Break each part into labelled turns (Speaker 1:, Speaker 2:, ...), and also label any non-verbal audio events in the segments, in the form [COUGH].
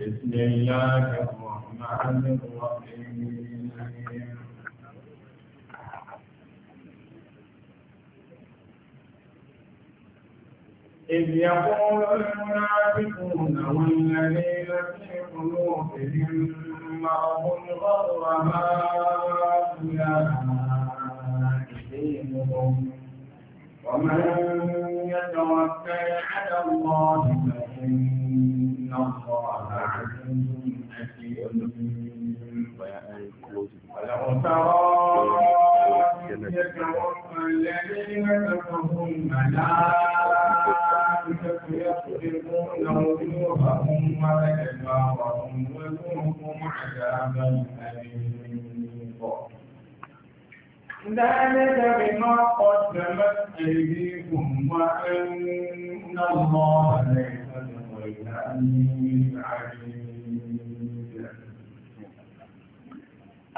Speaker 1: بسم الله
Speaker 2: الرحمن الرحيم إذ يقول المنافقون والذين في قلوبهم مرض غر هؤلاء دينهم ومن يتوكل على الله فإن الله ولو ترى الذين كفروا الملائكة يخلقون وجوههم وأدبارهم وذوقهم عذاب الحريق ذلك بما قدمت أيديكم وأن الله ليس بغير عليم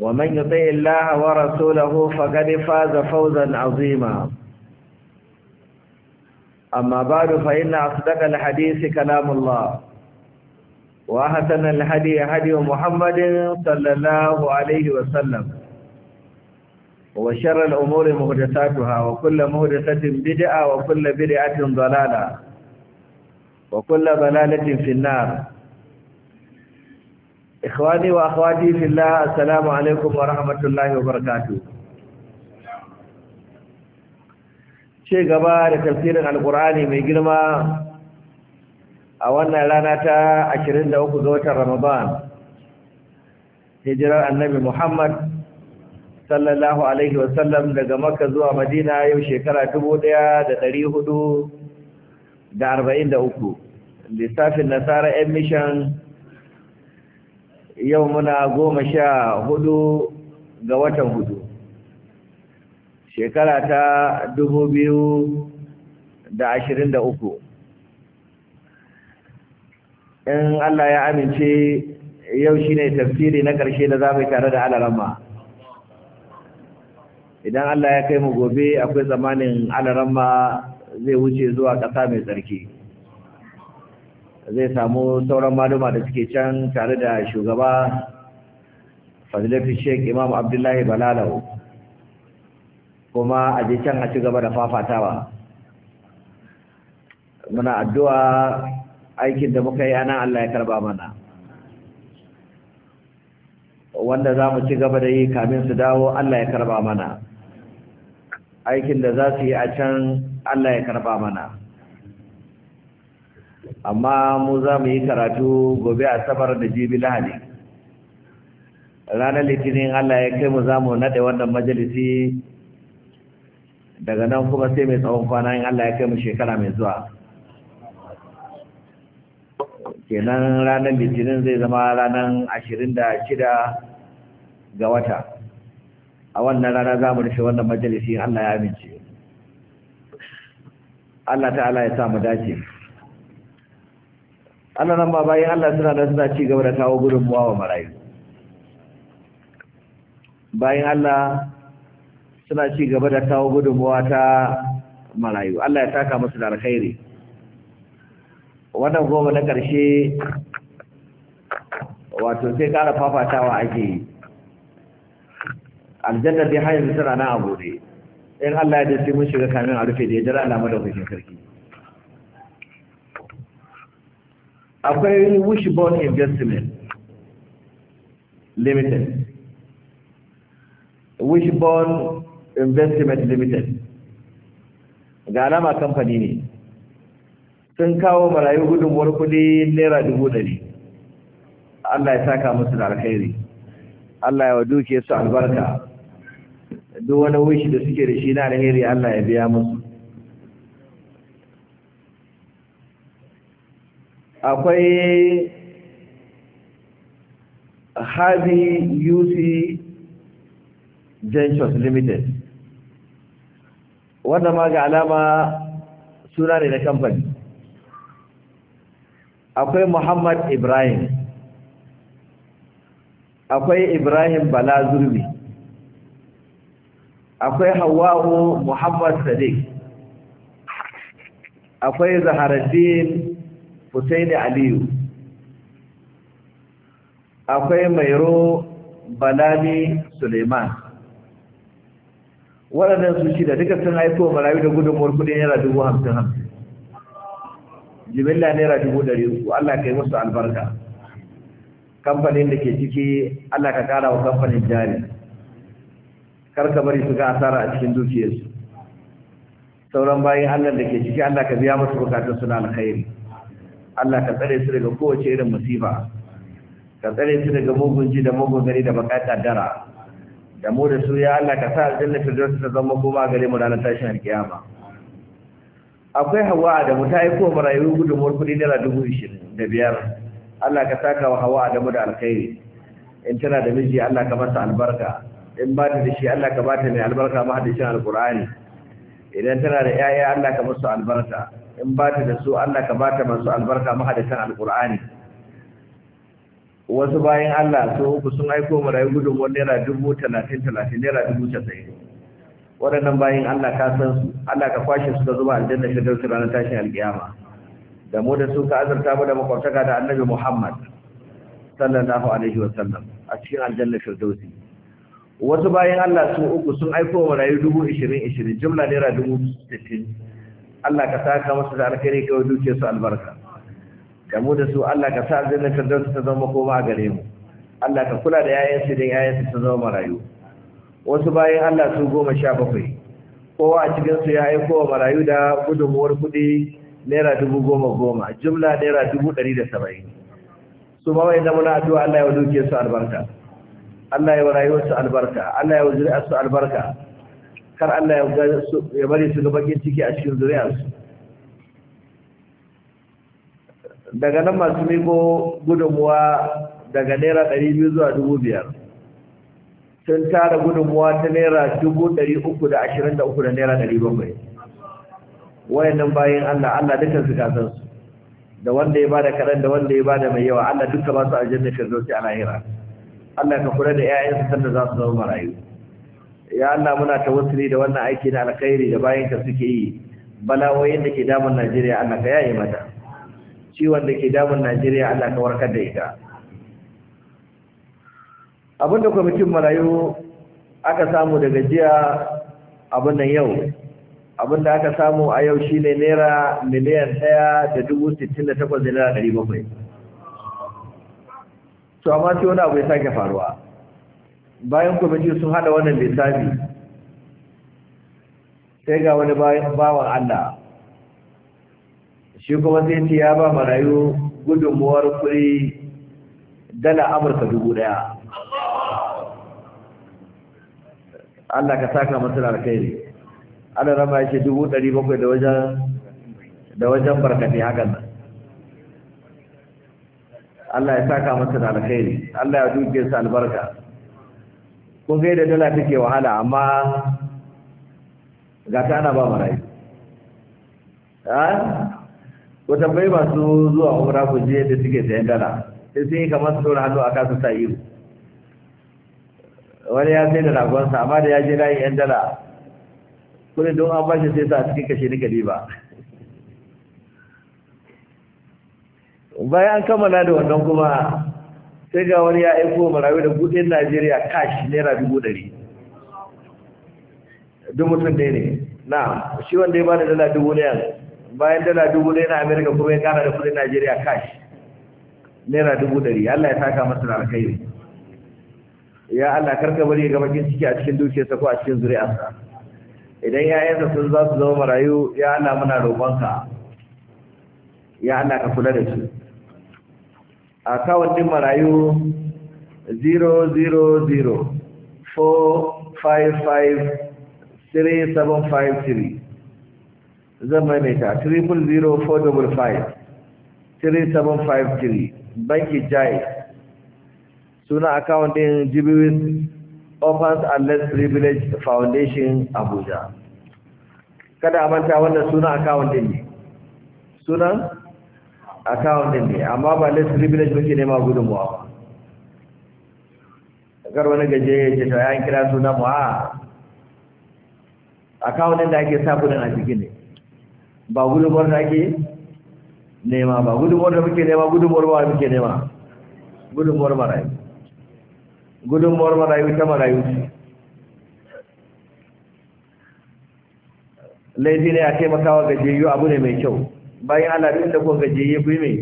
Speaker 3: ومن يطع الله ورسوله فقد فاز فوزا عظيما اما بعد فان اصدق الحديث كلام الله واحسن الهدي هدي محمد صلى الله عليه وسلم وشر الامور محدثاتها وكل محدثه بدعه وكل بدعه ضلاله وكل ضلاله في النار ikhwani wa akhwati fillah assalamu alaikum wa rahmatullahi wa barakatuh ce gaba da tafsirin alkur'ani mai girma a wannan rana ta uku ga watan ramadan Hijrar annabi muhammad sallallahu alaihi wasallam daga makka zuwa madina yau shekara da 1443 lissafin nasara yan mishan yau muna goma sha hudu ga watan hudu shekara ta dubu biyu da ashirin da uku in Allah ya amince yau ne tafsiri na ƙarshe da za mu tare da alarama idan Allah ya kai mu gobe akwai zamanin alarama zai wuce zuwa ƙasa mai tsarki zai samu sauran maluma da suke can tare da shugaba fadilafi sheik imam abdullahi balalau kuma a je can a ci gaba da fafatawa muna addu'a aikin da muka yi ana Allah ya karba mana wanda za mu ci gaba da yi kamin su dawo Allah ya karba mana aikin da za su yi a can Allah ya karba mana amma mu za mu yi karatu gobe a sabar da jibi lahadi ranar litinin allah ya kai mu za mu naɗe wannan majalisi daga nan kuma sai mai tsawon kwana in allah ya kai mu shekara mai zuwa kenan ranar litinin zai zama ranar ashirin da shida ga wata a wannan rana za mu rufe wannan majalisi allah ya amince allah ta'ala ya sa mu dace Allah nan ba bayan Allah suna da suna ci gaba da kawo muwa wa marayu bayan Allah suna ci gaba da kawo muwa ta marayu Allah ya taka musu da alkhairi wannan goma na ƙarshe wato sai ƙara fafatawa ake yi aljannar dai hanyar suna na abu ne in Allah ya dace mun shiga kamin a rufe da ya jira alamu da hukumin sarki akwai wishbone investment limited wishbone investment limited ga alama kamfani ne sun kawo marayu gudunmuwar kudi naira dubu ɗari allah ya saka musu da alkhairi allah ya wa duke su albarka duk wani wishi da suke da shi na alheri allah ya biya musu akwai Harvey UC Genshaws Limited wannan ma ga alama suna ne na kamfani akwai Muhammad Ibrahim akwai Ibrahim Bala Zurbi akwai Hawwa'u Muhammad Sadiq akwai Zaharaddin Hussaini Aliyu akwai Mairo Balami Suleiman waɗannan su da duka sun haifo marayu da gudunmuwar kudin naira dubu hamsin hamsin jimilla naira dubu ɗari uku Allah ka yi musu albarka kamfanin da ke ciki Allah ka ƙara wa kamfanin jari kar ka bari su ga asara a cikin dukiyarsu sauran bayan Allah da ke ciki Allah ka biya musu bukatun suna alkhairi Allah ka tsare su daga kowace irin musiba ka tsare su daga mugunci da mugun gari da bakatar dara da mu da su ya Allah ka sa aljanna firdaus ta zama goma gare mu ranar tashin alkiyama akwai hawa da mu ta aiko marayu gudumar kuɗi dala dubu ishirin da biyar Allah ka saka wa hawa da mu da alkhairi in tana da miji Allah ka masa albarka in ba da shi Allah ka ba ta mai albarka hadisin alqur'ani idan tana da 'ya'ya Allah ka masa albarka in ba ta da su Allah ka ba ta masu albarka mahadatan alkur'ani wasu bayan Allah so uku sun aiko mu rayu gudun wani naira dubu talatin talatin naira dubu casa'in waɗannan bayan Allah ka san su Allah ka kwashe su ka zuba aljanna shi da ranar tashin alkiyama da mu da su ka azurta mu da makwabtaka da annabi Muhammad sallallahu alaihi wa sallam a cikin aljanna da wasu bayan Allah su uku sun aiko mu rayu dubu ishirin ishirin jumla naira dubu sittin Allah ka saka musu da alkhairi kawai duke su albarka da mu da su Allah ka sa aljanna firdaus ta zama koma a gare mu Allah ka kula da yayan su da yayan su ta zama marayu wasu bayan Allah su goma sha bakwai kowa a cikin su ya yi kowa marayu da gudunmuwar kuɗi naira dubu goma goma jumla naira dubu ɗari da saba'in su ma wai na addu'a Allah ya duke su albarka Allah ya wa rayuwar su albarka Allah ya wa zuri'ar su albarka kar Allah ya bari su ga bakin ciki a cikin zuriyarsu daga nan masu miko gudunmuwa daga naira 200 zuwa biyar sun tara gudunmuwa ta naira 323 da naira 700 wayannan bayan Allah Allah dukkan su su. da wanda ya bada kaɗan da wanda ya bada mai yawa Allah dukkan masu su aljanna firdausi a lahira Allah ka kula da 'ya'yansu sanda za su zama marayu ya Allah muna tawassuli da wannan aiki na alkhairi da bayan ka suke yi balawoyin da ke damun Najeriya Allah ka yaye mata ciwon da ke damun Najeriya Allah ka warkar da ita abinda kwamitin marayu aka samu daga jiya abin nan yau abin da aka samu a yau shi ne naira miliyan ɗaya da dubu sittin da takwas da naira ɗari bakwai to amma sai wani abu ya sake faruwa bayan kwamitin sun hada wannan lissafi sai ga wani bawan Allah shi kuma sai ce ya ba marayu gudunmuwar kuri dala amurka dubu daya Allah ka saka masu alkhairi ana rama ya ce dubu ɗari bakwai da wajen da wajen barkatai hakan nan Allah ya saka masu alkhairi Allah ya duke su albarka kun sai da dala take wahala amma ga ta ana ba marayi ha ko tambayi masu zuwa umra ku je da suke sayan dala sai sun yi kamar su dora hannu a kasu sa iyo wani ya sai da ragonsa amma da ya je layin yan dala kudin don an bashi sai sa a cikin kashe nika ba bayan an kammala da wannan kuma sai ga wani ya aiko marawi da buɗe najeriya kashi naira dubu ɗari duk mutum dai ne na shi wanda ya ba da dala dubu ɗaya bayan dala dubu ɗaya na amerika kuma ya kara da kudin najeriya kashi naira dubu ɗari allah ya taka masa da alkhairi ya allah karka bari ga bakin ciki a cikin dukiyarsa ko a cikin zuri'arsa idan ya'yansa sun za su zama marayu ya allah muna roƙonka ya allah ka kula da su akawun din marayu 000455373 zan maimaita 000455373 banki jai suna akawun ɗin, jibiris Orphans and Less privilege Foundation Abuja. Kada a manta wannan suna akawun ɗin ne. Sunan? account din ne amma ba less privilege ba ke nema gudunmuwa ba kar wani gaje ya ce to ya kira suna mu a account din da ake sa kudin a ciki ne ba gudunmuwar da ake nema ba gudunmuwar da muke nema gudunmuwar ba muke nema gudunmuwar marayu gudunmuwar marayu ta marayu ce laifi ne a taimakawa gajiyayyu abu ne mai kyau bayan Allah duk da kun gaje ya fi mai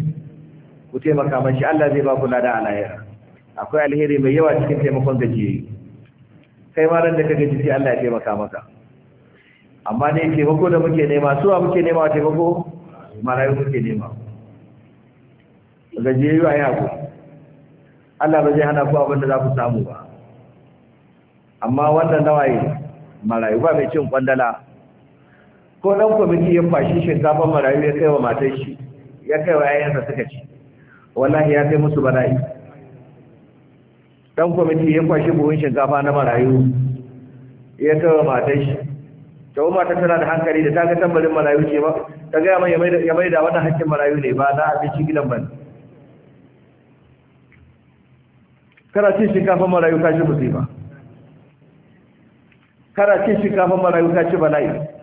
Speaker 3: ku taimaka mashi Allah zai ba ku lada a lahira akwai alheri mai yawa cikin taimakon gaje kai ma ran da ka gaji sai Allah ya taimaka maka amma ne taimako da muke nema su a muke nema taimako marayu muke nema gaje yi a ku Allah ba zai hana ku abin da za ku samu ba amma wannan nawaye marayu ba mai cin kwandala ko ɗan kwamiti ya fashi shinkafan marayu ya kai wa matar shi ya kai wa yayansa suka ci wallahi ya kai musu bala'i ɗan kwamiti ya fashi buhun shinkafa na marayu ya kai wa matar shi ta umar ta tana da hankali da ta ga tambarin marayu ce ba ta gaya mai ya mai da wannan hakkin marayu ne ba na abinci gidan ba kana cin shinkafan marayu ka shi ci ba. kana cin shinkafan marayu ka ci bala'i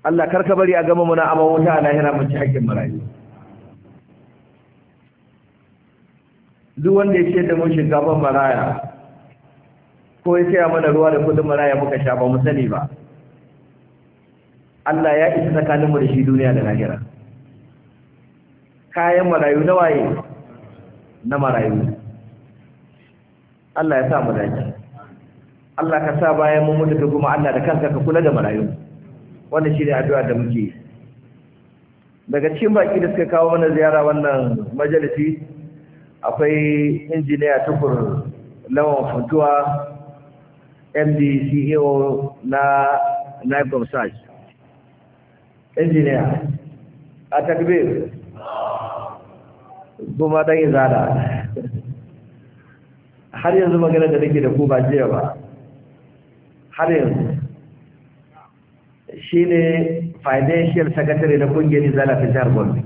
Speaker 3: Allah karka bari a gama muna amma wuta a lahira mace ci haƙƙin marayu duk wanda ya ce da mun shigaban maraya ko ya saya mana ruwa da kudin maraya muka sha ba mu sani ba Allah ya isa tsakaninmu da shi duniya da lahira kayan marayu na waye na marayu Allah ya sa mu dace Allah ka sa bayan mun mutu kuma Allah da kanka ka kula da marayu wannan shi ne addu'a da muke daga cikin baki da suka kawo mana ziyara wannan majalisi akwai injiniya tukur lawan funtuwa md ceo na nigel search injiniya a takbir kuma ɗan izada har yanzu magana da nake da ku ba jiya ba har yanzu shine financial secretary na kungiyar izala ta jihar Gombe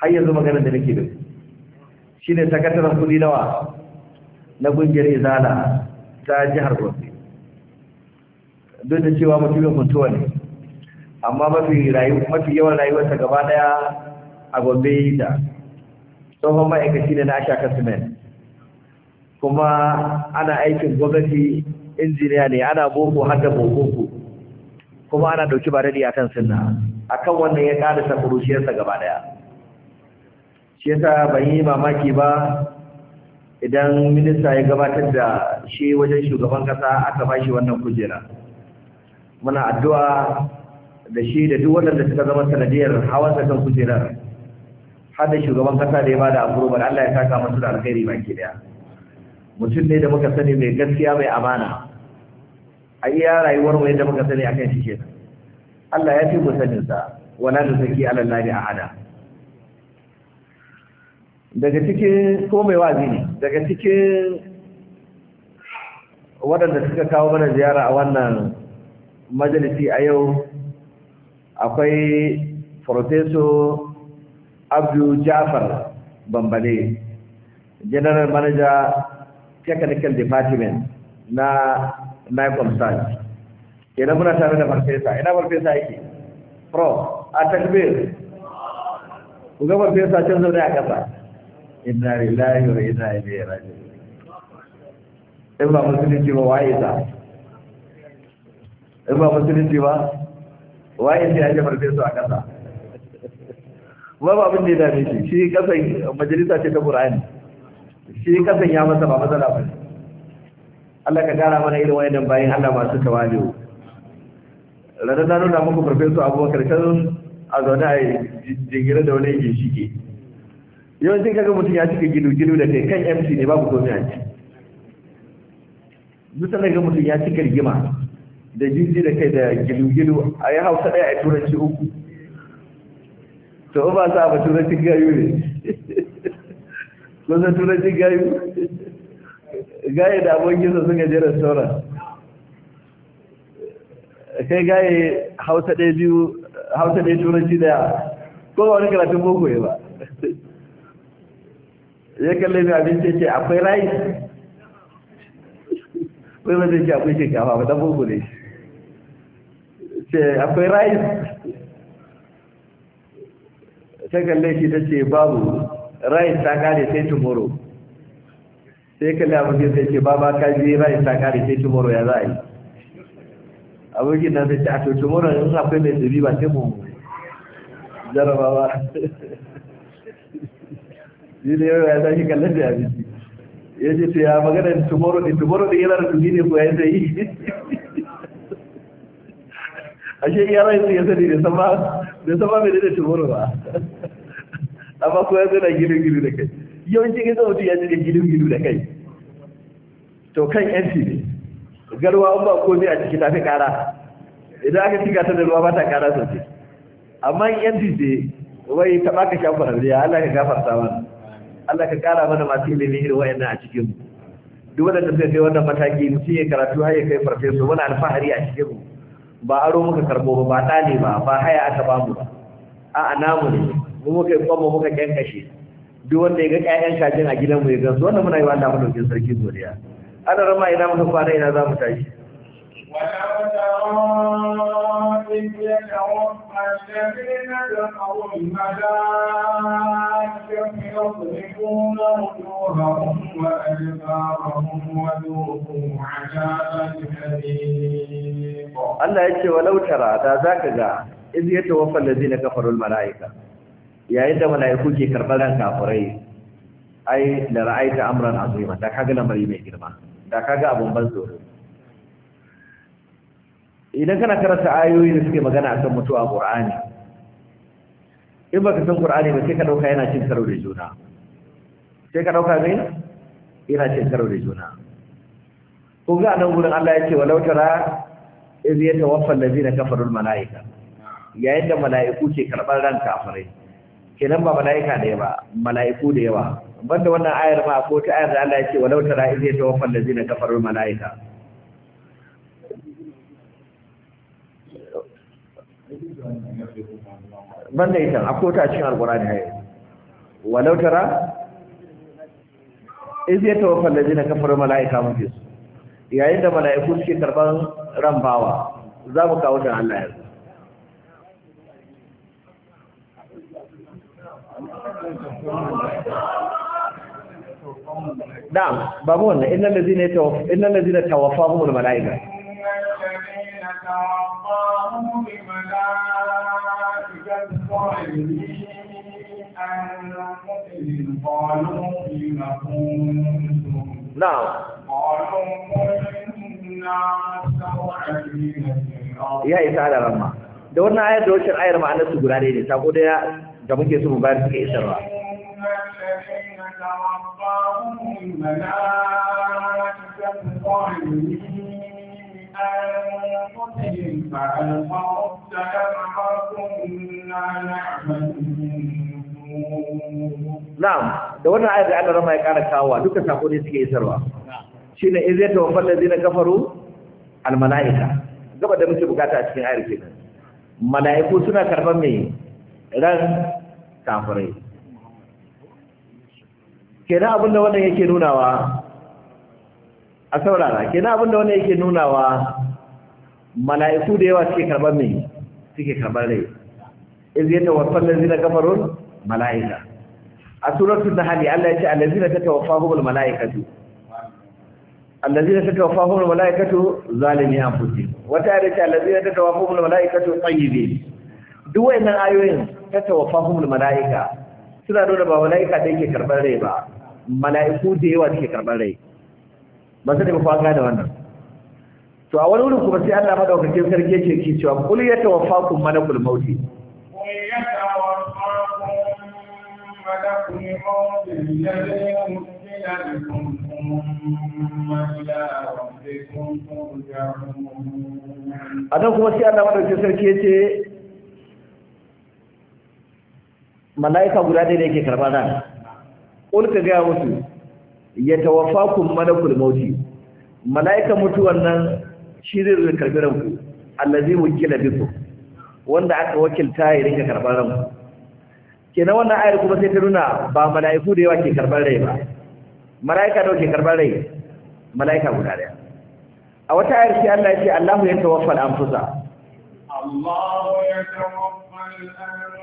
Speaker 3: har yanzu magana da nake da shine sakataren kudi nawa na kungiyar izala ta jihar Gombe duk da cewa mutumin mutuwa ne amma mafi rayu mafi yawan rayuwarsa gaba daya a Gombe da tsohon ma'aikaci ne na Ashaka Cement kuma ana aikin gwamnati injiniya ne ana boko har da boko kuma ana dauki ba dadi akan sunna akan wannan ya kada ta sa gaba daya shi yasa ban yi mamaki ba idan minista ya gabatar da shi wajen shugaban kasa aka bashi wannan kujera muna addu'a da shi da duk wannan da suka zama sanadiyar hawan kan kujerar har da shugaban kasa da ya bada approval Allah ya saka masu da alkhairi baki daya mutum ne da muka sani mai gaskiya mai amana a iya rayuwar mu yadda muka sani akan shi kenan Allah ya fi mu sanin sa wala da saki ala lahi ahada daga cikin ko mai wazi ne daga cikin waɗanda suka kawo mana ziyara a wannan majalisi a yau akwai Professor Abdu Jafar Bambale General Manager Technical Department na Michael Sage idan muna tare da farfesa ina farfesa yake pro a takbir ku ga farfesa can zaune a ƙasa inna lillahi wa inna ilaihi raji'un in ba musulunci ba waye ta in ba musulunci ba waye sai ya farfesa a ƙasa ba ba abin da ya dame shi shi kasan majalisa ce ta Qur'ani shi kasan ya masa ba matsala ba ne Allah ka gara mana irin wayannan bayan Allah masu tawali'u ranar na nuna muku farfesu abubakar kan a zaune a jingire da wani ginshike yawancin kaga mutum ya cika gidu-gidu da kai kan mc ne babu komai a ci duk ga mutum ya cika rigima da jinji da kai da gidu-gidu a yi hausa ɗaya a turanci uku to ba sa ba turanci gayu ne [LAUGHS] sa turanci gayu gaye da abokinsa suka je restaurant kai gaye hausa ɗaya biyu hausa ɗaya turanci ɗaya ko ba wani karatun boko ya ba ya kalle mai abinci ce akwai rai kai ba zai ce akwai kafa ba ta boko ne ce akwai rai ta kalle shi ta ce babu rai ta kare sai tomorrow sai kalli abokin sai ce ba ba ka je ba ta kare sai tumoro ya za a yi abokin nan sai ce a to tomorrow in akwai mai tsibi ba sai mu ba yi ne yau ya za shi kallon da abinci ya ce to ya magana tumoro din tumoro din yana da tsibi ne ko ya zai yi ashe iya rai sai ya sani da sama da sama mai da tumoro ba amma ko ya zai gini gini da kai yawanci in zama ya cire gidu gidu da kai to kan yanci ne garwa ba komai a ciki tafi kara idan aka cika ta da ruwa ba ta kara sosai amma yanci ce wai ta ka shafa rabiya Allah ka gafarta mana Allah ka kara mana masu ilimin irin yana a cikin mu duk wanda tafiya sai wannan mataki mutum ya karatu har ya kai farfesu wani alfahari a cikin mu ba aro muka karbo ba ba ɗa ne ba ba haya aka bamu ba a'a namu ne mu muka yi kwamma muka kyankashe duk wanda ya ga ƴaƴan shajin a mu ya gansu wannan muna yi wa damu ɗaukin sarki zuriya ana rama ina muka kwana ina za mu tashi Allah ya ce wa tara da za ka ga iz yadda wafan da zai na kafarul mala'ika. yayin da mala'iku ke karɓar ran kafirai ai da ra'aita amran azima da kaga lamari mai girma da kaga abun ban tsoro idan kana karanta ayoyi da suke magana akan mutuwa qur'ani in baka san qur'ani ba sai ka dauka yana cin karo da juna sai ka dauka ne yana cin karo da juna ko ga nan gurin Allah ya ce walau tara iz yatawaffa allazina kafaru al malaika yayin da mala'iku ke karɓar ran kafirai kenan ba mala'ika da yawa mala'iku da yawa banda wannan ayar ma ko ta ayar da Allah ya ce walau tara idza tawaffal ladina kafaru mala'ika
Speaker 1: banda ita akwai ta cikin alqur'ani
Speaker 3: hayi walau tara idza tawaffal ladina kafaru mala'ika mun yayin da mala'iku suke karban ran bawa za mu kawo ta Allah yanzu na'am babu wannan innal ladina tawaffa innal ladina tawaffahumul malaika ya isa da ramma da wannan ayar da wancan ayar ma'anar su guda ne sako da da muke su mu bayar suke isarwa Na'am, da wannan ayar da Allah rama ya ƙara kawowa duka sako ne suke isarwa. Shi ne in zai wafan da zina kafaru almala'ika. Gaba da muke bukata a cikin ayar nan. Mala'iku suna karɓar mai ran kafirai kenan abinda wannan yake nunawa a saurara kenan abinda wannan yake nunawa mala'iku da yawa suke karɓar mai suke karɓar rai wasan yatawaffa na gabarun mala'ika a da hali Allah ya ce na allazina tatawaffahumul mala'ikatu allazina tatawaffahumul mala'ikatu zalimi fusi wata ya ce na allazina tatawaffahumul mala'ikatu tayyibin duk wayannan ayoyin tatawaffahum mala'ika suna nuna ba malaika da yake karban rai ba malaiku da yawa suke karban rai ba sai ba kwa da wannan to a wani wurin kuma sai Allah madaukakin sarki yake ki cewa kul tawafakum malakul mauti
Speaker 2: a nan kuma sai Allah madaukakin sarki
Speaker 3: yace mala'ika guda ɗaya da yake karɓa nan ƙul ka gaya musu ya tawaffakum malakul mauti Mala'ika mutuwan nan shi zai zo karɓi ranku allazi wukila bikum wanda aka wakilta ya rinka karɓar ranku kenan wannan ayar kuma sai ta nuna ba mala'iku da yawa ke karɓar rai ba mala'ika da ke karɓar rai mala'ika guda ɗaya a wata ayar sai Allah ya ce Allahu ya tawaffal anfusa
Speaker 2: Allahu ya tawaffal anfusa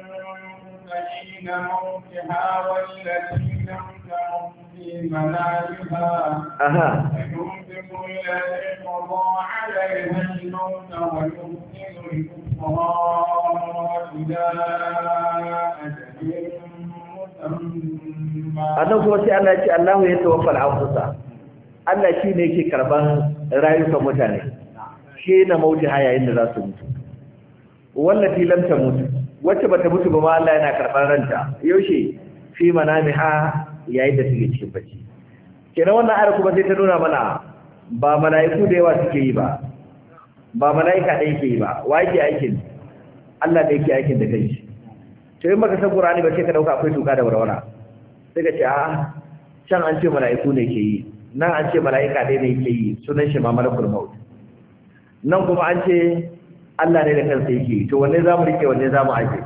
Speaker 2: الذين موتها والذين امتعوا في عليها الموت kuma sai Allah ya ce Allah ya tawaffal
Speaker 3: anfusa Allah shi ne yake karban rayukan mutane shi na mauti yayin da za su mutu wallafi lam ta mutu wacce ba ta mutu ba ma Allah yana karɓar ranta yaushe fi manami ha yayin da suke cikin bacci kenan wannan ayar kuma sai ta nuna mana ba mala'iku da yawa suke yi ba ba mala'ika ɗaya ke yi ba wa yake aikin Allah da yake aikin da kai to in baka san Qur'ani ba sai ka dauka akwai tuka da warwara sai ka ce a can an ce mala'iku ne ke yi nan an ce mala'ika ɗaya ne ke yi sunan shi ma malakul maut nan kuma an ce Allah ne da kansa yake to wanne za mu rike wanne za mu aje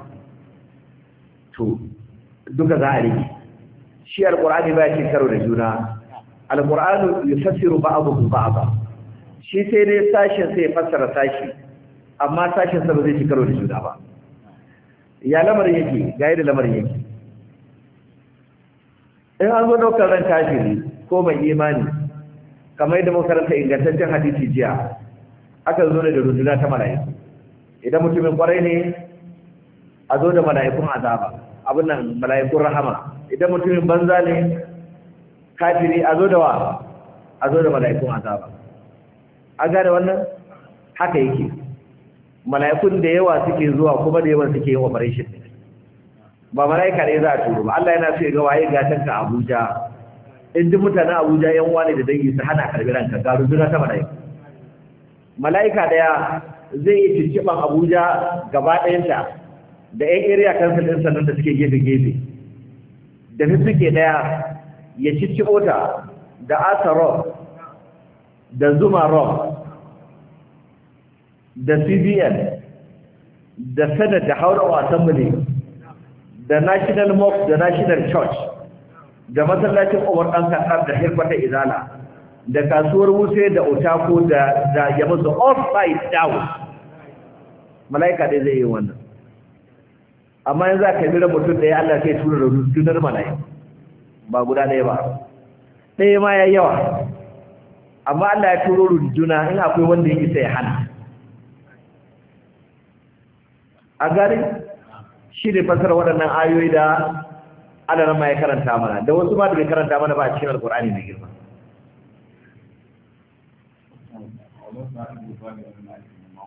Speaker 3: to duka za a rike shi alqur'ani ba yake karo da juna alqur'anu yufassiru ba'dahu ba'da shi sai dai sashin sai fassara sashi amma sashin sa ba zai ci karo da juna ba ya lamarin yake ga yadda lamarin yake in an zo daukar ran kafiri ko mai imani kamar yadda mu karanta ingantaccen hadisi jiya aka zo ne da runduna ta mala'iku idan mutumin kwarai ne a zo da mala'ikun azaba abin nan mala'ikun rahama idan mutumin banza ne kafiri a zo da wa a zo da mala'ikun azaba a gane wannan haka yake mala'ikun da yawa suke zuwa kuma da yawan suke yin operation ba mala'ika ne za a turo ba Allah yana so ya ga waye gatan ka Abuja in duk mutanen Abuja yan wani da dangi su hana karbi ranka ga rubuna ta mala'ika mala'ika daya zai yi cicciɓan abuja gaba ɗayanta da yan area council ɗin sannan da suke gefe-gefe da su suke ɗaya ya cicciɓo ta da asa rock da zuma rock da cbn da senate da haurawa assembly da national mosque da national church da masallacin umar ɗan kasar da hirfata izala da kasuwar wuse da otako da yamma da all five down mala'ika dai zai yi wannan amma yanzu aka bira mutum ɗaya Allah sai tura da rundunar mala'ika ba guda ɗaya ba ɗaya ma ya yawa amma Allah ya turo runduna in akwai wanda ya isa ya hana a gari shi ne fasara waɗannan ayoyi da adana ma ya karanta mana da wasu ma da bai karanta mana ba a cikin alkur'ani mai girma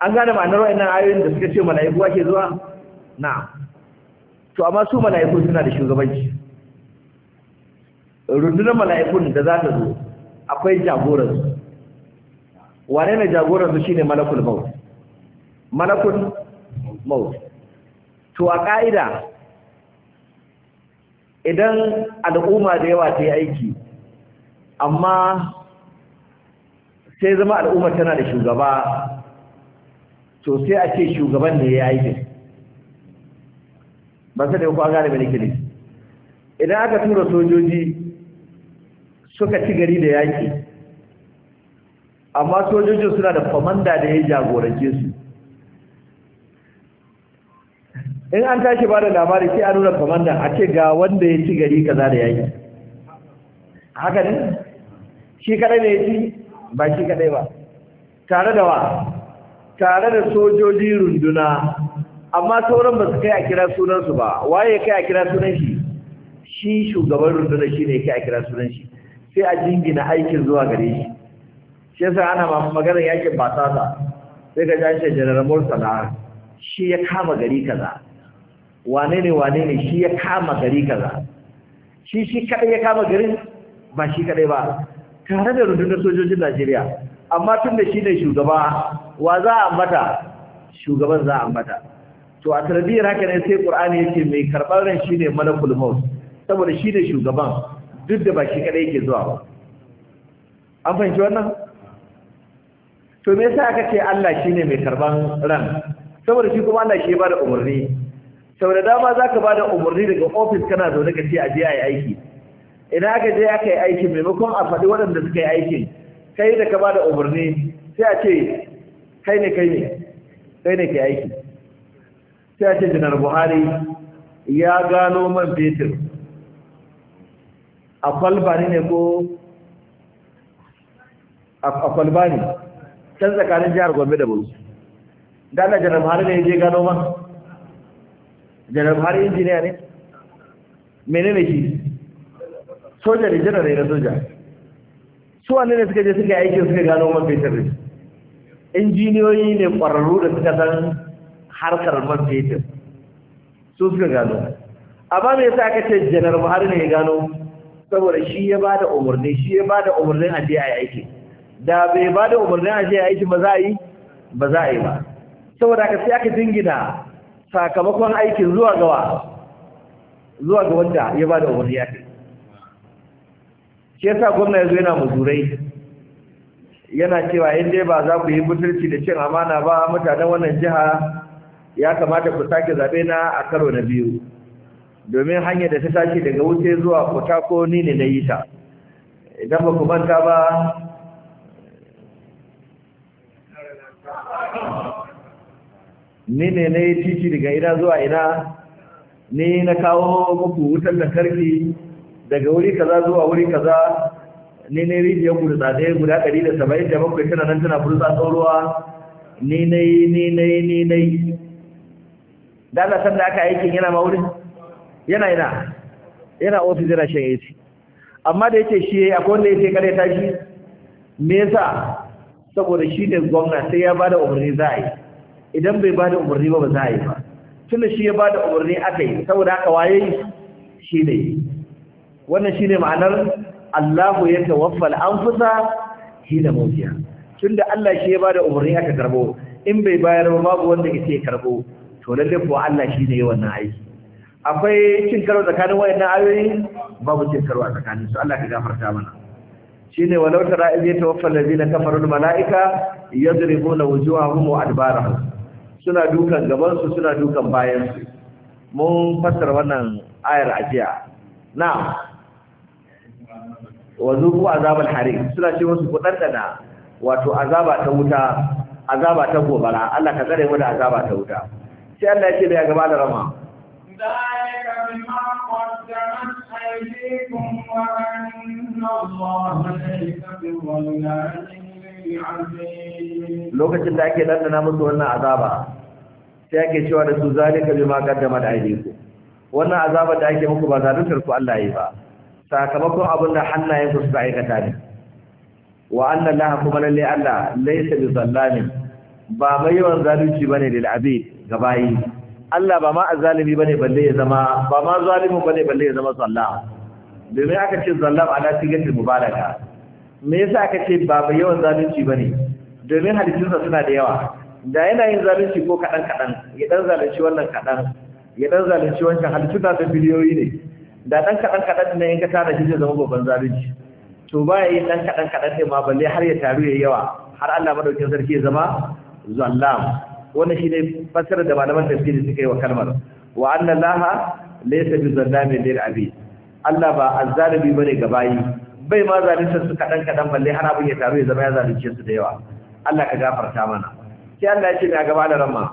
Speaker 3: an gane ma'anar wa'annan ayoyin da suka ce mala'iku ake zuwa na to amma su mala'iku suna da shugabanci rundunar mala'ikun da za ta zo akwai su wane ne su shine malakul maut malakul maut to a ka'ida idan al'umma da yawa ta yi aiki amma sai zama al'umma tana da shugaba to sai a ce shugaban da ya yi ba sai da ku gane ne idan aka tura sojoji suka ci gari da yaƙi amma sojojin suna da kwamanda da ya jagorance su in an tashi ba da labari sai an nuna kwamandan a ce ga wanda ya ci gari kaza da yaƙi haka ne shi kadai ne ya ci ba shi kadai ba tare da wa tare da sojoji runduna amma sauran ba su kai a kira sunansu ba waye kai a kira sunan shi shi shugaban runduna shi ne kai a kira sunan shi sai a jingina aikin zuwa gare shi shi yasa ana maganar yakin basasa sai ka ja shi general mursala shi ya kama gari kaza wane ne wane ne shi ya kama gari kaza shi shi kadai ya kama garin ba shi kadai ba tare da rundunar sojojin Najeriya amma tun da shi ne shugaba wa za a ambata shugaban za a ambata to a tarbiyyar haka ne sai qur'ani yake mai karɓar ran shi ne malakul maut saboda shi ne shugaban duk da ba shi kadai yake zuwa ba an fahimci wannan to me yasa aka ce Allah shi ne mai karɓar ran saboda shi kuma Allah shi ba bada umarni sau da dama za ka da umarni daga ofis kana zaune ka ce a je a yi aiki idan aka je aka yi aikin maimakon a faɗi waɗanda suka yi aikin kai da ka ba da umarni sai a ce kai ne kai ne kai ne ke aiki sai a ce janar buhari ya gano man fetur a kwalbani ne ko a kwalbani can tsakanin jihar gombe da bulu dana janar buhari ne je gano man janar buhari injiniya ne menene shi soja ne janar ne na soja su wanne ne suka je suka yi aikin suka gano man fetur ne injiniyoyi ne ƙwararru da suka san harkar man fetur su suka gano amma me yasa aka ce janar buhari ne ya gano saboda shi ya ba da umarni shi ya ba da umarnin a je a yi aiki da bai ba da umarnin a je a yi aiki ba za a yi ba za a yi ba saboda ka sai aka dingina sakamakon aikin zuwa gawa zuwa ga wanda ya ba da umarni ya kai shi sa gwamna yazo yana muzurai yana cewa in dai ba za ku yi butulci da cin amana ba mutanen wannan jiha ya kamata ku sake zaɓe na a karo na biyu domin hanyar da ta sake daga wuce zuwa kotako ni ne na yi ta idan ba ku manta ba ni ne na yi titi daga ina zuwa ina ni na kawo muku wutar lantarki daga wuri kaza zuwa wuri kaza ne ne rijiyar burtsa ɗaya guda ɗari da saba'in da bakwai tana nan tana furta tsoruwa ne ne ne ne ne ne da Allah san da aka aikin yana ma wurin yana yana yana ofis yana shan AC amma da yake shi akwai wanda yake kare ta shi me yasa saboda shi ne gwamna sai ya bada umarni za a yi idan bai bada umarni ba ba za a yi ba tunda shi ya bada umarni aka yi saboda haka waye shi ne wannan shine ma'anar Allahu ya tawaffal anfusa hina mawtiha tunda Allah shi ya bada umurni aka karbo in bai bayar ba babu wanda yake karbo to lalle ko Allah shine ya wannan aiki akwai cin karo tsakanin wayannan ayoyi babu cin karo a tsakanin su Allah ka gafarta mana shine walau tara idza tawaffal ladina kafaru al malaika yadribuna wujuhahum wa adbarahum suna dukan gaban su suna dukan bayan su mun fassara wannan ayar ajiya na'am wa zuku azabal harir suna ce musu ku dandana wato azaba ta wuta azaba ta gobara Allah ka tsare mu da azaba ta wuta sai Allah ya ce gaba da rama
Speaker 2: ذلك بما قدمت أيديكم وأن الله ليس بظلام
Speaker 3: da ake dandana musu wannan azaba sai ake cewa da su zalika bima qaddamat aydikum wannan azaba da ake muku ba zalunta ku Allah yi ba sakamakon abin da hannayen su suka aikata ne wa anna laha kuma lalle Allah laysa bi zallamin ba mai yawan zalunci bane lil abid ga bayi Allah ba ma azalimi bane balle ya zama ba ma zalimin bane balle ya zama sallah domin aka ce zallam ala sigatil mubalaka me yasa aka ce ba mai yawan zalunci bane domin hadisinsa suna da yawa da yana yin zalunci ko kadan kadan ya dan zalunci wannan kadan ya dan zalunci wancan hadisin da biliyoyi ne da ɗan kaɗan kaɗan ne in ka tara shi zai zama babban zalunci to ba ya yi ɗan kaɗan kaɗan ne ma balle har ya taru ya yawa har Allah madaukin sarki ya zama zallam wannan shi ne fassarar da malaman tafsiri suka yi wa kalmar wa anna laha laysa bi zallami lil abi Allah ba azzalimi bane ga bayi bai ma zalunci su kaɗan kaɗan balle har abin ya taru ya zama ya zalunce su da yawa Allah ka gafarta mana sai Allah ya ce ga gaba da ramma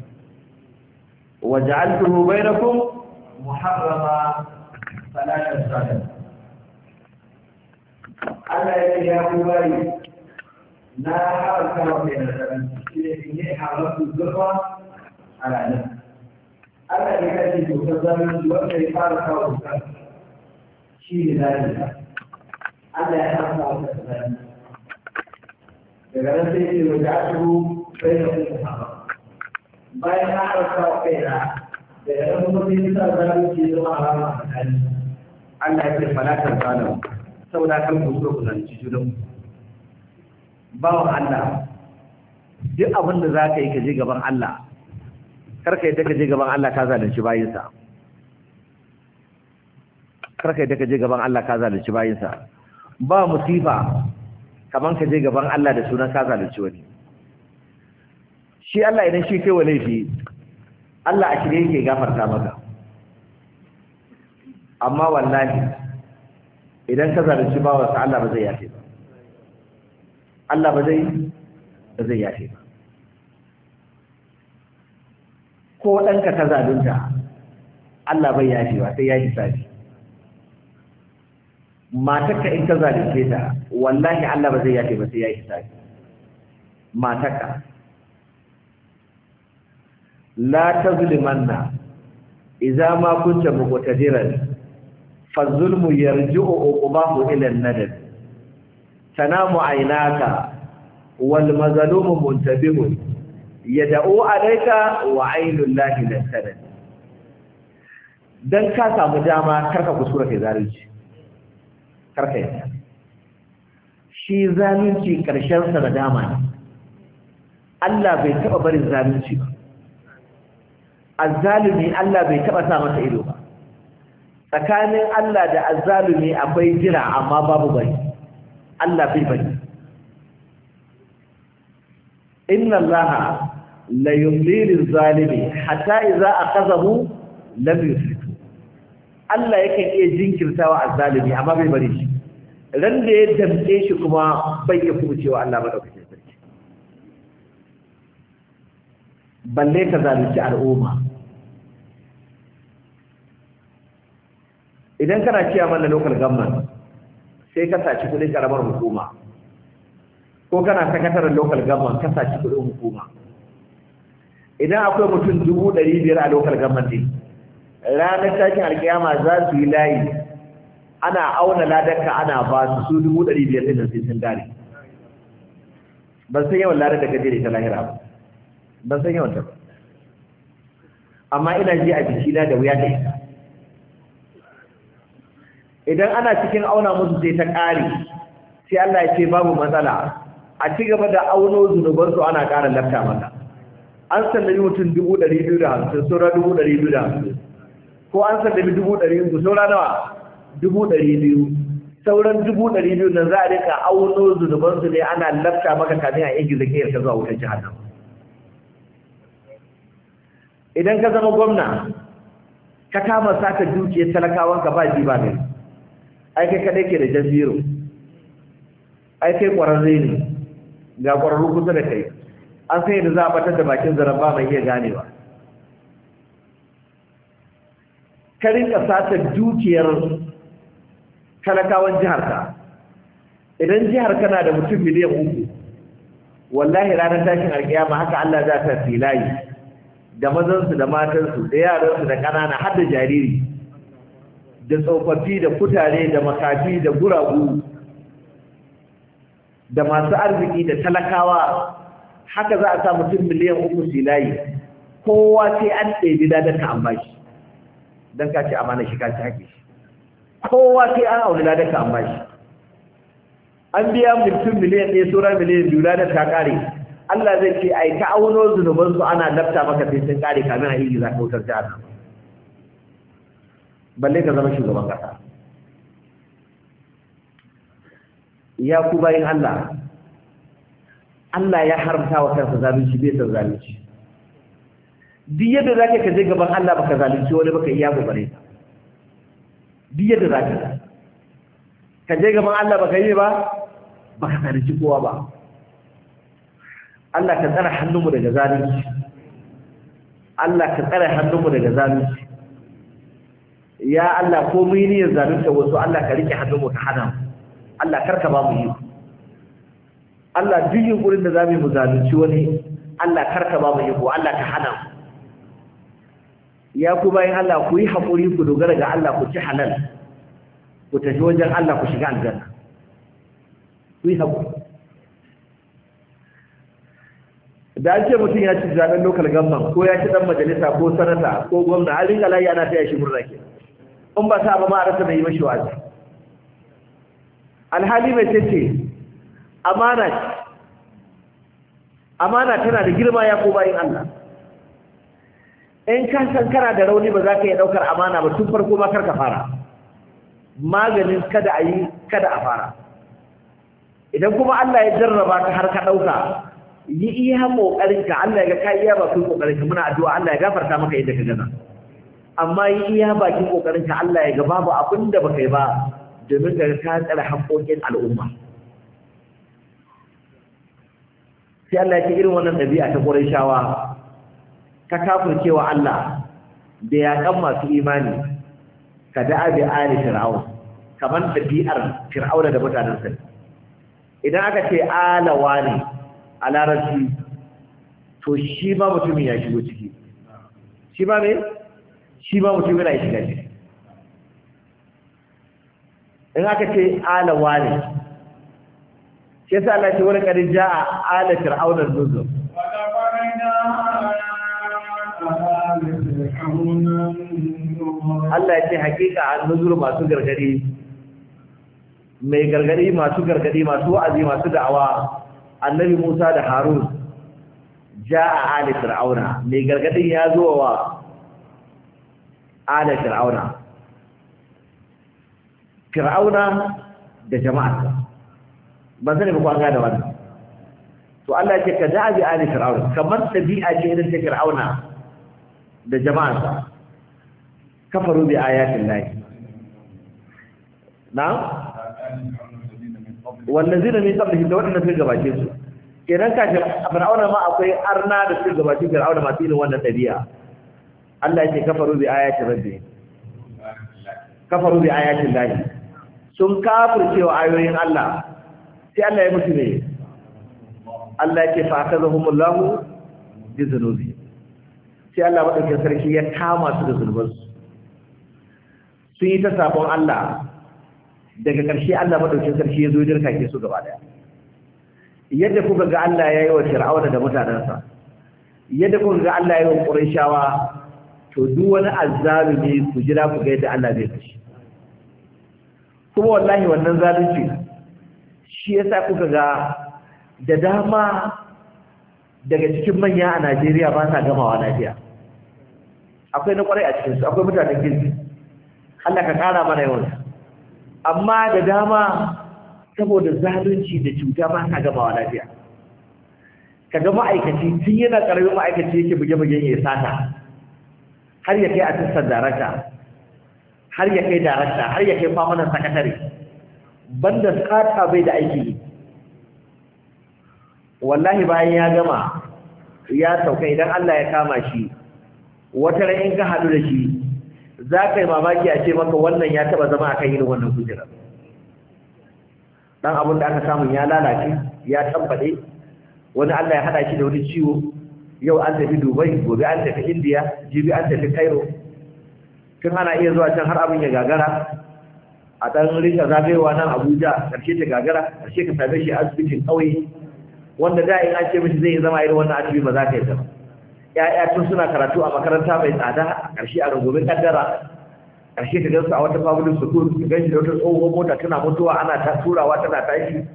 Speaker 3: وجعلته بينكم محرما فلا تسأل على يا أبوي
Speaker 2: لا حرك بين الزمن إني حرمت على نفسي ألا اللي كانت تتزمن وقت إطار خوفك
Speaker 1: شيء ذلك
Speaker 3: أنا حرمت الزمن لقد نسيت وجعته بينكم محرما bayan na harfa wa kaina da yaran kuma sai bisa zaɓi ke zama a rama a tsakani Allah ya ce falatar zalim saboda kan ku so ku zanci junan bawan Allah duk abin da za ka yi ka je gaban Allah karka yi ka je gaban Allah ka zalunci bayinsa karka yi ka je gaban Allah ka zalunci bayinsa ba musifa kaman ka je gaban Allah da sunan ka zalunci wani shi Allah idan shi kai wa laifi Allah a shirye yake gafarta maka amma wallahi idan ka zarci bawa wa Allah ba zai yafe ba Allah ba zai ba zai yafe ba ko ɗanka ka zalunta Allah bai ba sai ya hisabi matarka in ka zalunce ta wallahi Allah ba zai yafe ba sai ya hisabi matarka la tazlimanna idza ma kunta muqtadiran fa zulmu yarji'u uqbahu ila an-nadab tanamu aynaka wal mazlumu muntabihu yad'u alayka wa aynu llahi latadad dan ka samu dama karka kusura kai zalunci karka yadda shi zalunci karshen sa da dama ne Allah bai taba barin zalunci ba azzalumi Allah bai taba sa masa ido ba tsakanin Allah da azzalumi akwai jira amma babu bari Allah bai bari inna Allah la yumliru zalimi hatta idza akazahu lam yusrifu Allah yakan iya jinkirtawa azzalumi amma bai bari shi ran da ya damke shi kuma bai iya kuma cewa Allah madaukaki balle ka zalunci al'umma idan kana ciya mana local government sai ka saci kudin karamar hukuma ko kana sakataren local government ka saci kudin hukuma idan akwai mutum dubu ɗari biyar a local government din ranar tashin alkiyama za su yi layi ana auna ladarka ana ba su su dubu ɗari biyar ɗin sai sun dare ban san yawan ladar da kaje da ita lahira ba ban san yawan ta amma ina ji a jiki da wuya ta isa idan ana cikin auna musu sai ta ƙare sai Allah ya ce babu matsala a ci gaba da auno zunubansu ana ƙara lafta mata an sallami mutum dubu ɗari biyu da hamsin saura dubu ɗari biyu da hamsin ko an sallami dubu ɗari biyu saura nawa dubu ɗari biyu sauran dubu ɗari biyu nan za a rika auno zunubansu ne ana lafta maka kafin a ingiza kiyar ka zuwa wutar jihar nan idan ka zama gwamna ka kama sata dukiyar talakawan ka ba ji ba ne ai kai kadai ke da jaziro ai kai kwararre ne ga kwararru kusa da kai an sai da za a batar da bakin zaren mai iya ganewa ka rinka sata dukiyar talakawan jiharka idan jihar kana da mutum miliyan uku wallahi ranar tashin alkiyama haka Allah za ta filayi da mazansu da matansu da yaransu da ƙanana har da jariri da tsofaffi da kutare da makafi da guragu da masu arziki da talakawa haka za a sa mutum miliyan uku silayi kowa sai an ɗebi ladar ka an bashi don ka ce amana shi ka ci haƙe shi kowa sai an auni ladar ka an bashi an biya mutum miliyan ɗaya sauran miliyan biyu ladar ta ƙare Allah zai ce ai ta auno zunuban su ana dafta maka sai sun kare kamin a za ka wutar jihar balle ka zama shugaban kasa ya ku bayin Allah Allah ya haramta wa kansa zalunci bai san zalunci duk yadda zaka ka je gaban Allah baka zalunci wani baka iya gobare ka duk yadda zaka ka je gaban Allah baka yi ba baka zalunci kowa ba Allah ka tsare hannunmu daga zalunci Allah ka tsare hannunmu daga zalunci ya Allah ko mu yi zalunta wasu Allah ka rike hannunmu ka hana mu Allah kar ka ba mu yi Allah duk yunkurin da za mu yi mu zalunci wani Allah kar ka ba mu yi ko Allah ka hana mu ya ku bayan Allah ku yi haƙuri ku dogara ga Allah ku ci halal ku tafi wajen Allah ku shiga aljanna ku yi haƙuri da an ce mutum ya ci zaben local government ko ya ci dan majalisa ko sanata ko gwamna a ringa layi ana taya shi murna ke in ba sa ba ma a rasa mai yi mashi wazi alhali mai ce amana amana tana da girma ya ko bayin Allah in ka san kana da rauni ba za ka iya daukar amana ba tun farko ma kar ka fara maganin kada a yi kada a fara idan kuma Allah ya jarraba ka har ka dauka yi iya kokarin ka Allah ya ka iya bakin ka muna addu'a Allah ya gafarta maka yadda ka gaza amma yi iya bakin kokarin ka Allah ya ga babu abin da baka yi ba domin ka ka tsare al'umma sai Allah ya ce irin wannan ɗabi'a ta Qurayshawa ka kafircewa Allah da yaƙan masu imani ka da'a bi ali fir'aun kamar ɗabi'ar fir'auna da mutanensa idan aka ce alawa a larabci to shi ba mutumin ya shigo ciki shi ba ne shi ba mutumin ya shiga ciki in aka ce alawa ne shi yasa Allah ce wani ja ja'a ala fir'aunar zuzu Allah ya ce hakika an nuzuru masu gargadi mai gargadi masu gargadi masu wa'azi masu da'awa annabi Musa da Harun jaa ala fir'auna mai gargadin ya zo wa ala fir'auna fir'auna da jama'arsa ban sani ba ku an gane wannan to Allah ya ce ka ja'a bi ala fir'auna kamar tabi'a ce irin ta fir'auna da jama'arsa kafaru bi ayatin lahi na'am zina ne ta qablihim da wadanda suka gabace su kenan kashi fir'auna ma akwai arna da suka gabace fir'auna masu irin wannan ɗabi'a. Allah yake kafaru bi ayati rabbi kafaru bi ayati Allah sun kafirce wa ayoyin Allah sai Allah ya mutu ne Allah yake fa akazahumullahu bi zunubi sai Allah madaukakin sarki ya kama su da zunubansu sun yi ta sabon Allah daga ƙarshe Allah maɗaukin ƙarshe ya zo ya dirka ke su gaba ɗaya. yadda kuka ga Allah ya yi wa shir'auna da mutanensa yadda kuka ga Allah ya yi wa shawa, to duk wani azzalumi ku jira ku ga yadda Allah zai kashi kuma wallahi wannan zalunci shi yasa kuka ga da dama daga cikin manya a Najeriya ba sa gamawa lafiya akwai na ƙwarai a cikinsu, akwai mutanen kirki Allah ka ƙara mana yawansu amma da dama saboda zalunci da cuta ba sa gamawa lafiya Ka ga ma'aikaci tun yana karamin ma'aikaci yake buge buge ya sata har ya kai assistant director har ya kai director har ya kai famanan sakatare, banda sata bai da aiki wallahi bayan ya gama ya sauka idan Allah ya kama shi wata ran in ka haɗu da shi za ka yi mamaki a ce maka wannan ya taba zama a kan wannan kujerar dan abin da aka samu ya lalace ya tambade wani Allah ya hada shi da wani ciwo yau an tafi Dubai gobe an tafi India jibi an tafi Cairo tun ana iya zuwa can har abin ya gagara a dan rika zagayewa nan Abuja ƙarshe ta gagara ƙarshe ka same shi asibitin ƙauye wanda da in an ce mishi zai zama irin wannan asibi ba za ka yi zama ya'ya tun suna karatu a makaranta mai tsada a ƙarshe a rungumin ƙaddara ƙarshe ta gansu a wata su school su gaishe da wata tsohon mota tana mutuwa ana ta turawa tana tashi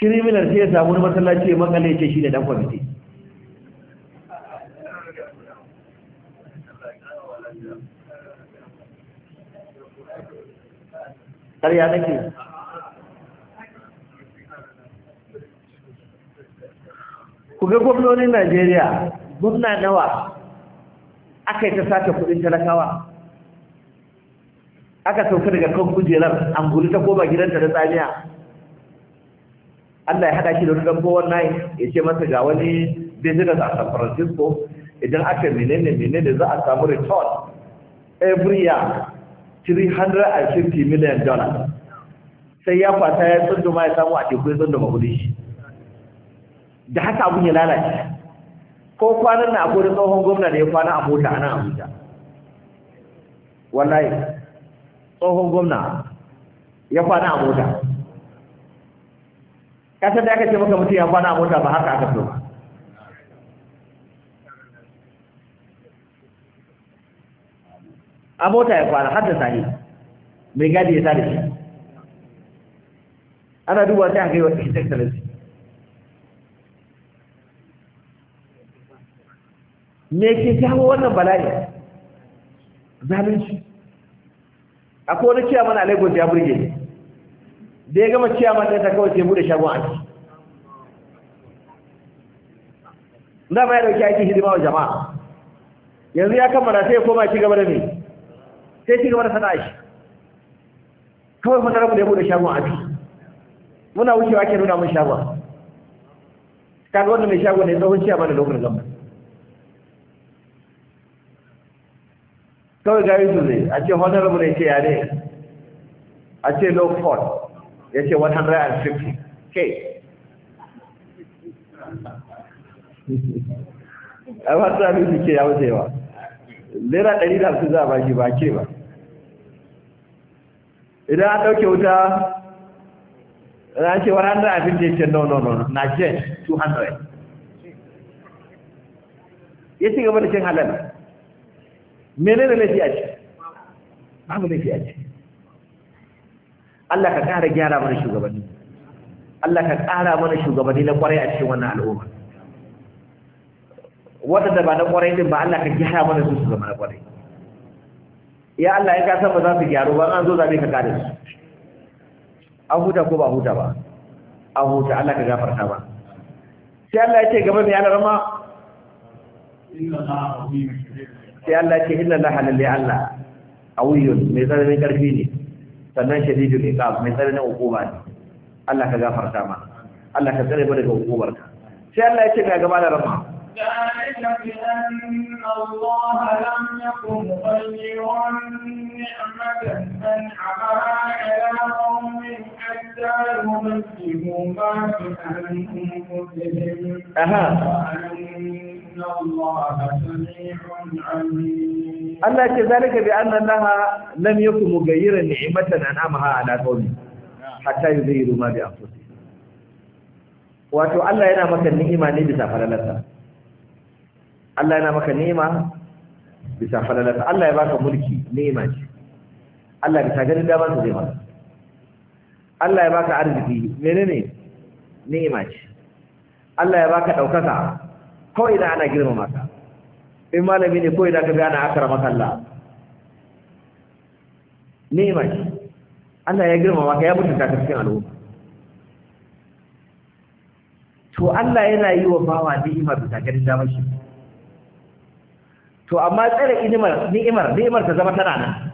Speaker 3: kiriminal sai ya samu na masallaci ya makale ce shi ne dan kwamiti ya nake ku ga gwamnonin Najeriya gwamna nawa aka yi ta sake kudin talakawa aka sauka daga kan kujerar an guri ta koma gidanta da tsamiya Allah ya haɗa shi da wani ɗan kowar nai ya ce masa ga wani business a San Francisco idan aka menene menene za a samu return every year 350 million dollars sai ya kwata ya tsunduma ya samu a teku ya tsunduma kudi shi da haka abun ya lalace ko kwanan na akwai tsohon gwamna da ya kwana a mota a nan abuja wallahi tsohon gwamna ya kwana a mota kasar da aka ce maka mutum ya kwana a mota ba haka aka so ba a mota ya kwana har da sani mai gadi ya shi ana duba sai a yi wa excellency me ke jawo wannan bala'i zalunci akwai wani ciyaman a lagos ya burge da ya gama ciyaman ɗin ta kawai tebu da shagon aiki na bayan ya ɗauki aiki hidima wa jama'a yanzu ya kammala sai ya koma ci gaba da ne sai ci gaba da sana'a shi kawai mun rabu da ya bude shagon aiki muna wucewa ke nuna mun shagon kaga wannan mai shagon ne tsohon ciyaman da lokacin gaba kawai gari su zai a ce honorable ya ce ya ne a ce low court ya ce 150 k a wata abin su ke ya wuce ba lera su za a ba ba ke ba idan an ɗauke wuta ran 100 abin da ya ce no no no na jen 200 ya ci gaba da cin halal menene laifi a ciki babu laifi a ciki Allah ka ƙara gyara mana shugabanni Allah ka ƙara mana shugabanni na ƙwarai a cikin wannan al'umma da ba na ƙwarai din ba Allah ka gyara mana su su zama na ƙwarai ya Allah ya san ba za su gyaru ba an zo zabe ka kare su an huta ko ba huta ba an huta Allah ka gafarta ba sai Allah ya ce gaba mai alarma sai Allah ce inna la halalle Allah awiyun mai tsananin karfi ne sannan shadidul iqab mai tsananin hukuma ne Allah ka gafarta ma Allah ka tsare mu daga hukumarka sai Allah ya ce ga gaba da rahma
Speaker 2: ذلك بأن الله لم يكن مغيرا Allah ce zalika
Speaker 3: bi annan naha lam yaku mugayyiran ni'matan ha ala qawmi hatta yi ruma bi anfusihim wato Allah yana maka ni'ima ne bisa falalarsa Allah yana maka ni'ima bisa falalarsa Allah ya baka mulki ni'ima ce Allah bisa ganin damar su zai maka Allah ya baka arziki menene ni'ima ce Allah ya baka daukaka ko ina ana girma maka, in malami ne ko ina ka bi ana maka Allah ni'ima ce Allah ya girma maka ya mutunta ka cikin al'umma to Allah yana yi wa bawa ni'ima bisa ganin damar shi to amma tsare ni'imar ni'imar ni'imar ta zama tana nan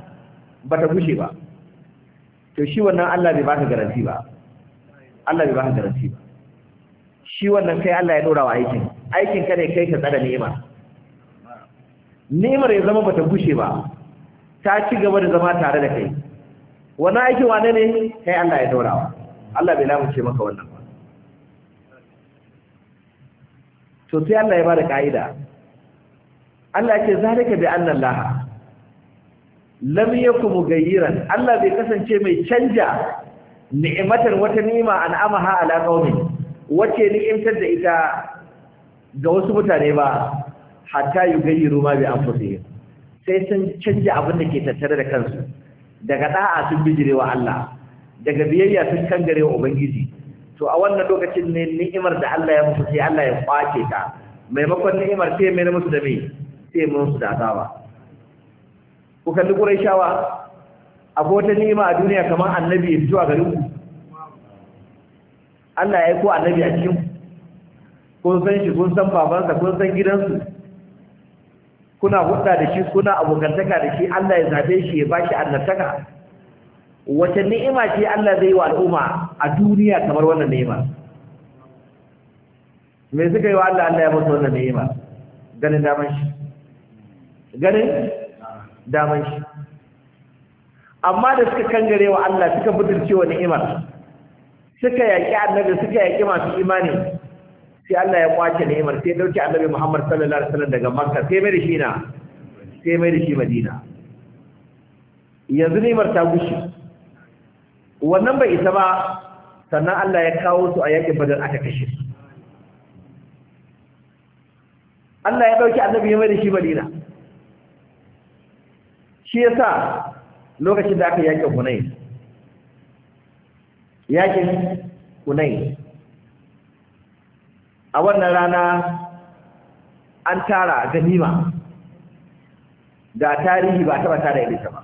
Speaker 3: ba ta gushe ba to shi wannan Allah bai baka garanti ba Allah bai baka garanti ba shi wannan kai Allah ya dora wa aikin aikin ka ne kai ka tsada ni'ima ni'imar ya zama bata gushe ba ta ci gaba da zama tare da kai wannan aikin wane ne kai Allah ya dora wa Allah bai lamunce maka wannan ba to sai Allah ya bada ka'ida Allah ya ce zalika bi annallaha lam yakum mugayyiran Allah bai kasance mai canja ni'matar wata ni'ima an'amaha ala qaumi wace ni'imtar da ita ga wasu mutane ba hatta yugayyiru ma bi anfusihim sai sun canja abin da ke tattare da kansu daga da'a sun bijirewa Allah daga biyayya sun kangarewa ubangiji to a wannan lokacin ne ni'imar da Allah ya musu sai Allah ya kwace ta maimakon ni'imar sai mai musu da mai sai musu da azaba ku kalli ƙuraishawa akwai wata ni'ima a duniya kamar annabi ya fito a garin ku Allah ya yi ko annabi a cikin kun san shi kun san babansa kun san gidansu kuna hudda da shi kuna abokantaka da shi Allah ya zabe shi ya bashi annabtaka wace ni'ima ce Allah zai yi wa al'umma a duniya kamar wannan ni'ima me suka yi wa Allah Allah ya musu wannan ni'ima ganin daman shi ganin daman shi amma da suka kangare wa Allah suka budurce wa ni'imar suka yaki annabi suka yaki masu imani sai Allah ya kwace ni'imar sai dauki annabi Muhammad sallallahu alaihi wasallam daga Makka sai mai shi na sai mai shi Madina yanzu ni'imar ta gushi wannan bai isa ba sannan Allah ya kawo su a yakin Badar aka kashe su Allah ya dauki annabi ya mai shi Madina shi sa lokacin da aka yakin hunai yakin hunai a wannan rana an tara ganima da tarihi ba taba tara irinta ba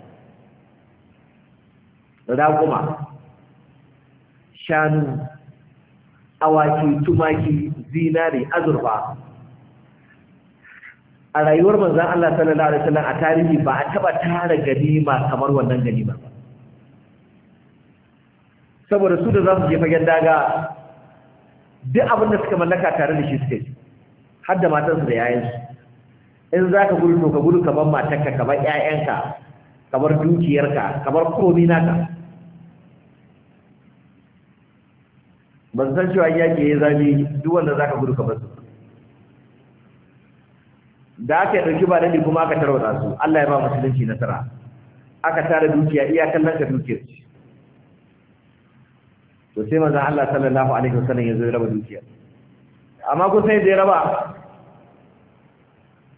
Speaker 3: raƙuma shanu awaki tumaki zinari azurfa a rayuwar manzan Allah sallallahu alaihi wasallam a tarihi ba a taba tara ganima kamar wannan ganima ba saboda su da za su je fagen daga duk abin da suka mallaka tare da shi suka yi har da matansu da yayansu in za ka gudu to ka gudu kamar matarka kamar 'ya'yanka kamar dukiyarka kamar komi naka ban san cewa yaƙi ya zabi duk wanda za ka gudu ka su. da aka yi ɗauki ba daɗi kuma aka tarwata su Allah ya ba musulunci nasara aka tara dukiya iya kallon ka dukiya. to sai manzon Allah sallallahu alaihi wasallam ya zo ya raba dukiya. amma ko sai da ya raba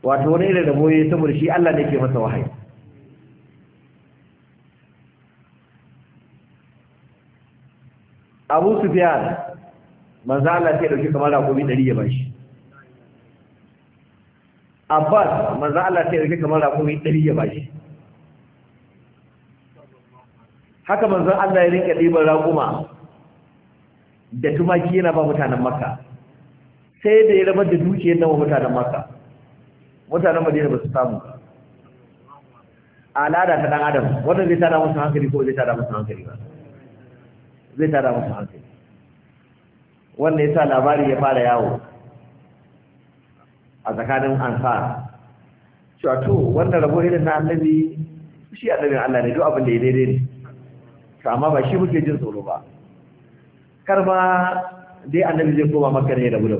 Speaker 3: wato wani irin rabo ya saboda shi Allah ne ke masa wahayi Abu Sufyan manzo Allah sai dauki ɗauki kamar raƙumi ɗari ya bashi abbas manzo Allah sai yake rike kamar rakumi dari ya bashi haka manzo Allah ya rike diban rakuma da tumaki yana ba mutanen makka sai da ya rabar da dukiyar nan wa mutanen makka mutanen madina ba su samu al'ada ta dan adam wanda zai tada musu hankali ko zai tada musu hankali ba zai tada musu hankali wannan yasa labari ya fara yawo a tsakanin ansar cewa to wannan rabo irin na annabi shi annabin Allah ne duk abin da ya daidai ne to amma ba shi muke jin tsoro ba kar ma dai annabi zai koma maka ne rabu da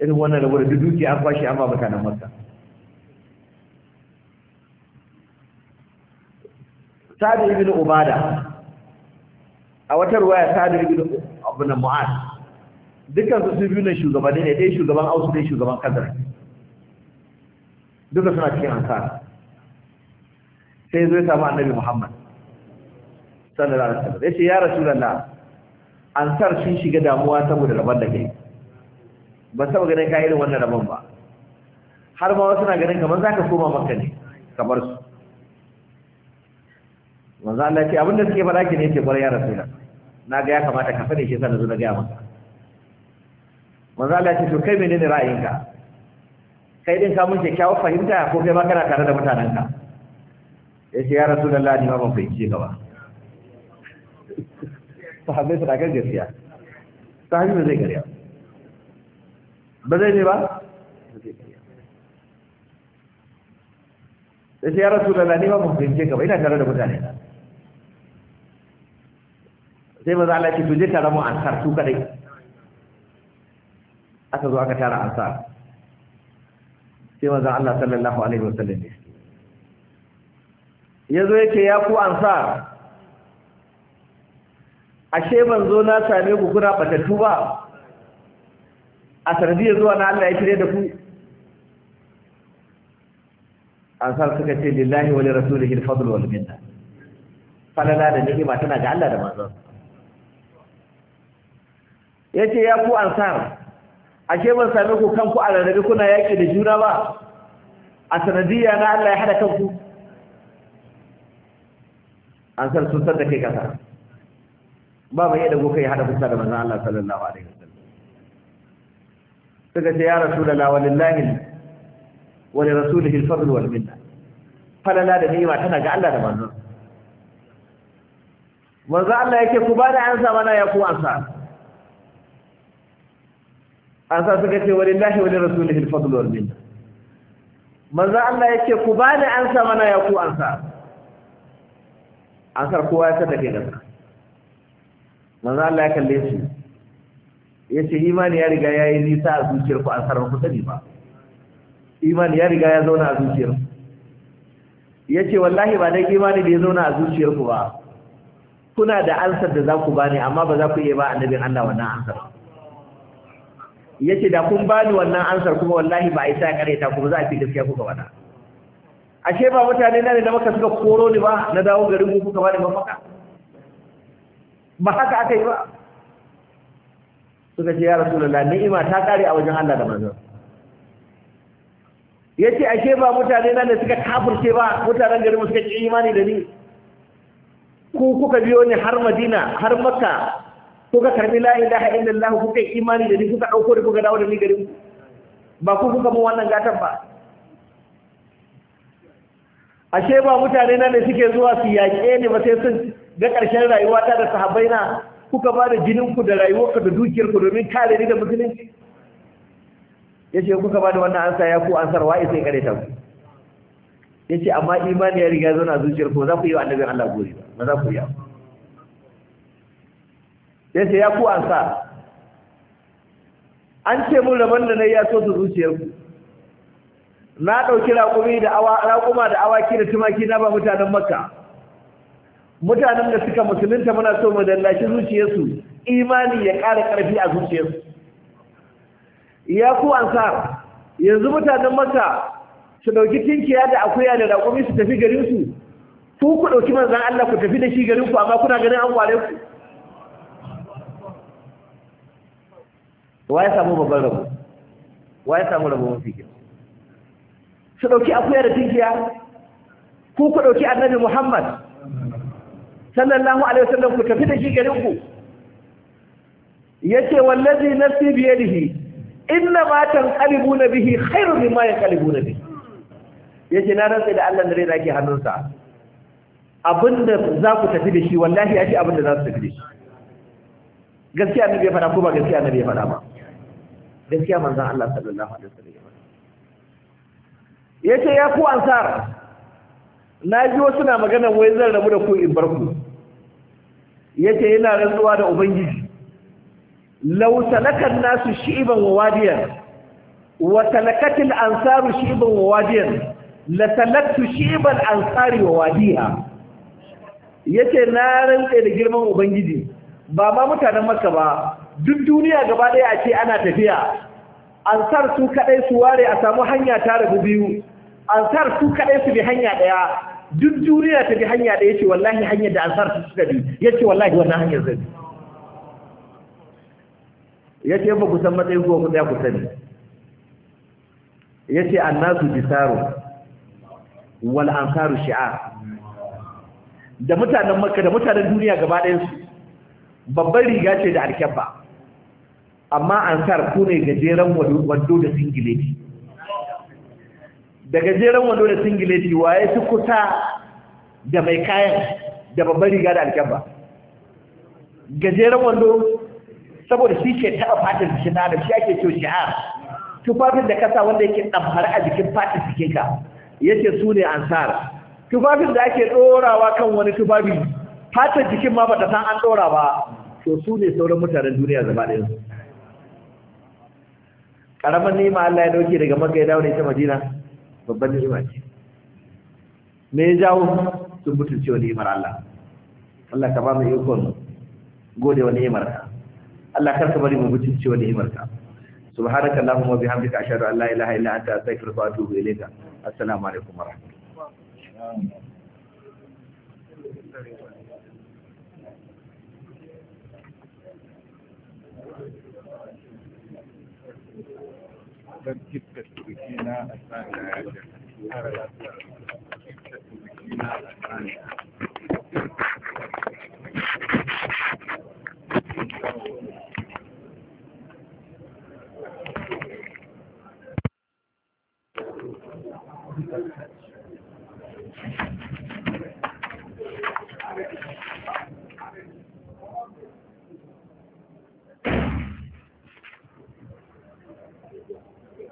Speaker 3: irin wannan rabu da duk dukiya an kwashi an ba mutanen makka Sa'ad ibn Ubada a wata ruwaya Sa'ad ibn na Mu'adh dukkan su biyu ne shugabanni ne ɗaya shugaban ausu ɗaya shugaban kadar duka suna cikin ansar sai zai samu annabi muhammad sallallahu alaihi wasallam yace ya rasulullah ansar sun shiga damuwa saboda rabon da kai ba saba ganin ka irin wannan rabon ba har ma wasu na ganin kamar zaka koma makka ne kamar su manzo Allah ya ce abinda suke faɗa ki ne ce bar ya rasulullah na ga ya kamata ka sani shi yasa na zo na ga maka manzo Allah ya ce to kai menene ra'ayinka kai din ka mun kyakkyawar fahimta ko kai ma kana tare da mutanenka ya ce ya rasu da lani ma ban fahimci gaba [LAUGHS] sahabbai su dakar gaskiya sahabi ba zai karya ba zai ne ba ya ce ya rasu da lani ma ban fahimci ba ina tare da mutane sai maza Allah ce tuje tare mu ansar su kadai aka zo aka tara ansa. sai manzon Allah sallallahu alaihi wasallam ya zo yake ya ku ansa? ashe ban zo na same ku kuna batattu ba a sanadiyar zuwa na Allah ya kire da ku ansar suka ce lillahi wa lirasulihi al-fadl wal minna falala da ni'ima tana ga Allah da manzon yace ya ku ansar ashe ban same ku kanku a rarrabe kuna yaƙi da juna ba a sanadiyya na Allah ya hada kanku an san sun san da kai kasa ba mai yadda kai ya hada kusa da manzon Allah sallallahu alaihi wasallam suka ce ya rasu da wa li wani rasu da wal minna falala da ni'ima tana ga Allah da manzon manzon Allah yake ku ba da ansa mana ya ku ansa an sa suka ce wani lahi wani rasulihil fadlul min manzo Allah yake ku bani an sa mana ya ku an sa an sa kowa ya tada da kasa manzo Allah ya kalle su yace imani ya riga yayi nisa a zuciyar ku an sarar ku sani ba imani ya riga ya zauna a zuciyar ku yace wallahi ba dai imani da ya zauna a zuciyar ku ba kuna da ansar da za ku bani amma ba za ku iya ba annabin Allah wannan ansar yace da kun bani wannan ansar kuma wallahi ba a isa kare ta kuma za a fi gaskiya kuka wada ashe ba mutane na ne da maka suka koro ni ba na dawo garin ku kuka bani mafaka ba haka aka yi ba suka ce ya rasulullah ni'ima ta kare a wajen Allah da manzo yace ashe ba mutane na ne suka kafirce ba mutanen garin suka ki imani da ni ku kuka biyo ni har Madina har Makka kuka karbi la ilaha illallah kuka imani da ni kuka dauko da kuka dawo da ni garin ba ku kuka mu wannan gatan ba ashe ba mutane na ne suke zuwa su yaƙe ne ba sai sun ga ƙarshen rayuwa ta da sahabbai na kuka ba da jinin ku da rayuwar ku da dukiyar ku domin kare ni da musulunci yace kuka ba da wannan ansa ya ku ansar wa'i sai kare ta ku yace amma imani ya riga zo na zuciyar ku za ku yi wa annabin Allah gobe ba za ku yi ba ya ce ya ku ansa an ce mun rabon da na yi ya so su zuciyarku na ɗauki raƙumi da raƙuma da awaki da tumaki na ba mutanen makka mutanen da suka musulunta muna so mu dallashi zuciyarsu imani ya ƙara ƙarfi a zuciyarsu ya ku sa yanzu mutanen makka su ɗauki tinkiya da akuya da raƙumi su tafi garinsu ku ku ɗauki manzan Allah ku tafi da shi garinku amma kuna ganin an ware ku wa ya samu babban rabo wa ya samu rabo mafi girma su ɗauki akuya da tinkiya ku ku ɗauki annabi muhammad sallallahu alaihi wasallam ku tafi da shi garin ku yace wallazi nafsi bi yadihi inna ma tanqalibuna bihi khairu mimma yanqalibuna bihi yace na rantsa da Allah da rai nake hannunsa abinda za ku tafi da shi wallahi ya abinda za su tafi da shi gaskiya annabi ya fara ko ba gaskiya annabi ya fara ba gaskiya manzon Allah sallallahu alaihi wasallam yace ya ku ansar na ji wasu na magana wai zan rabu da ku in bar ku yace yana rantsuwa da ubangiji law talakan nasu shi'ban wa wadiyan wa talakatil ansaru shi'ban wa wadiyan la talaktu shi'ban ansari wa wadiha yace na rantsa da girman ubangiji ba ma mutanen makka ba duk duniya gaba ɗaya a ce ana tafiya ansar su kaɗai su ware a samu hanya ta rabu biyu ansar su kaɗai su bi hanya ɗaya duk duniya ta bi hanya ɗaya ce wallahi hanyar da ansar su suka bi ya ce wallahi wannan hanyar zai ya ce ba ku san matsayin ko ya ku sani ya ce annasu bisaru wal ansaru shi'a da mutanen makka da mutanen duniya gaba ɗayansu babban riga ce da alkyabba amma ansar ku ne gajeren wando da singileti da gajeren wando da singileti waye su kusa da mai kayan da babban riga da alkyamba gajeren wando saboda shi ke taɓa fatar jikin na adam shi ake kyau shi'ar tufafin da kasa wanda yake ɗamfara a jikin fatar jikinka yace su ne ansar tufafin da ake ɗorawa kan wani tufafi fatar jikin ma ba ta san an ɗora ba to su ne sauran mutanen duniya zama ɗaya ni ma Allah ya dauke daga Makka ya dawo da ita Madina babban ni'ima ce me ya jawo sun mutunce wa ni'imar Allah Allah ka ba mu ikon gode wa ni'imar ka Allah kar ka bari mu mutunce wa ni'imar ka subhanaka allahumma bihamdika ashhadu an la ilaha illa anta astaghfiruka wa atubu ilayka assalamu alaikum wa rahmatullahi
Speaker 1: Thank you. don kifta turki na a sani da yashin kara lafiya kifta turki na a sani Thank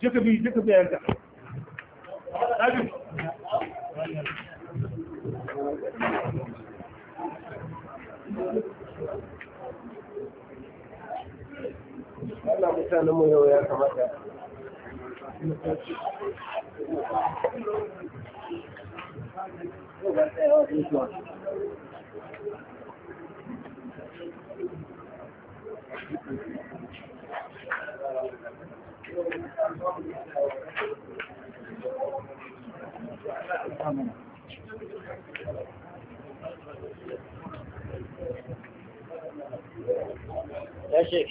Speaker 1: jika mutanen mu ya kamata Thank you. That's it.